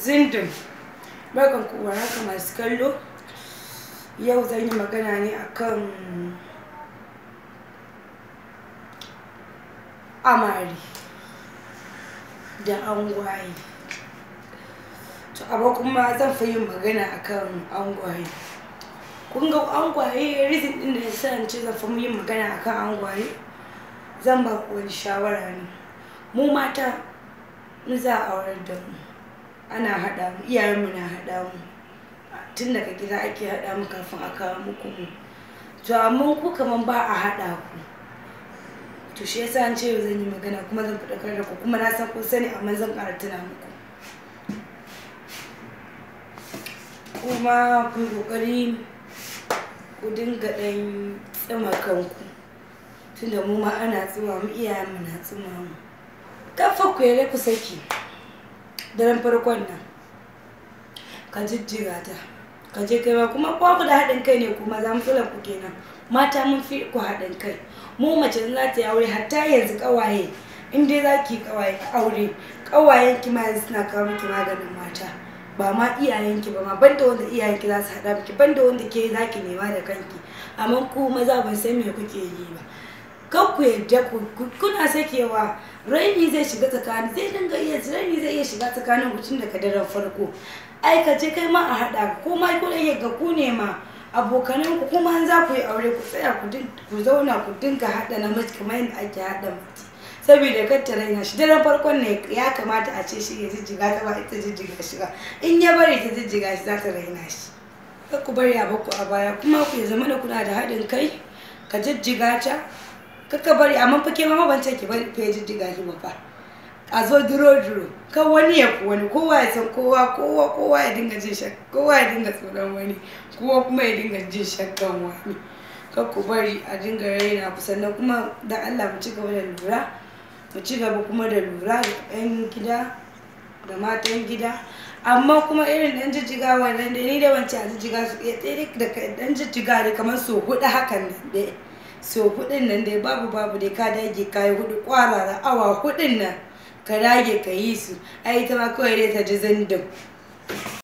zindin barkan ku haka masu kallo yau zan yi magana ne akan amari da angwaye to abu kuma zan fi yin magana akan angwaye kun ga angwaye rizin din da ya sa ce zan fi yin magana akan angwaye zan ba ku wani shawara ne mu mata in za a aurar da mu ana haɗa mu iyayenmu na haɗa mu tun daga gida ake haɗa mu kafin a kawo muku mu to amma ku kaman ba a haɗa ku to shi yasa an ce zan yi magana kuma zan faɗakar da ku kuma na san kun sani amma zan ƙara tuna muku kuma ku kokari ku dinga ɗan tsima kanku tunda mu ma ana tsima mu iyayenmu na tsima mu kafa ku yare ku saki daren farkon nan ka jijjira ta ka je kai ma kuma ko ku da haɗin kai ne kuma za mu tsula ku kenan mata mun fi ku haɗin kai mu mace za ta yi aure hatta yanzu ƙawaye in dai za ki ƙawaye aure ƙawayen ki ma yanzu suna kawo miki maganin mata ba ma iyayenki ba ma banda wanda iyayenki za su haɗa miki banda wanda ke za ki nema da kanki amma ku maza ban san me kuke yi ba kan ku yarda kuna sakewa raini zai shiga tsakani zai dinga iya raini zai iya shiga tsakanin mutum daga daren farko ai ka je kai ma a haɗa ko ma ku da ga ku ne ma abokanan ku kuma an za ku yi aure ku tsaya ku zauna ku dinga haɗa namiji kamar yadda ake haɗa mace saboda kar ta raina shi daren farkon ne ya kamata a ce shi ya jijjiga ta ba ita jijjiga shi ba in ya bari ta jijjiga shi za ta raina shi kar ku bari a baku a baya kuma ku ya zama da kuna da haɗin kai ka jijjiga ta kaka bari amma fa ke ma ban ce ki ban fa diga ki ba fa a zo duro duro ka wani ya fi wani kowa ya san kowa kowa kowa ya dinga jin shak kowa ya dinga tsoron wani kowa kuma ya dinga jin shakkan wani ka ku bari a dinga raina ku sannan kuma da Allah mu ci gaba da lura mu ci gaba kuma da lura da ɗan gida da matan gida amma kuma irin dan jijjiga wannan da ni da wancan jijjiga su iya eh, tsere da dan jijjiga ne kamar su hudu hakan ne so hudun nan dai babu babu dai ka dage kayi hudu hudu da awa hudun nan ka dage ka yi su ai ta ma kawai dai ta ji zindin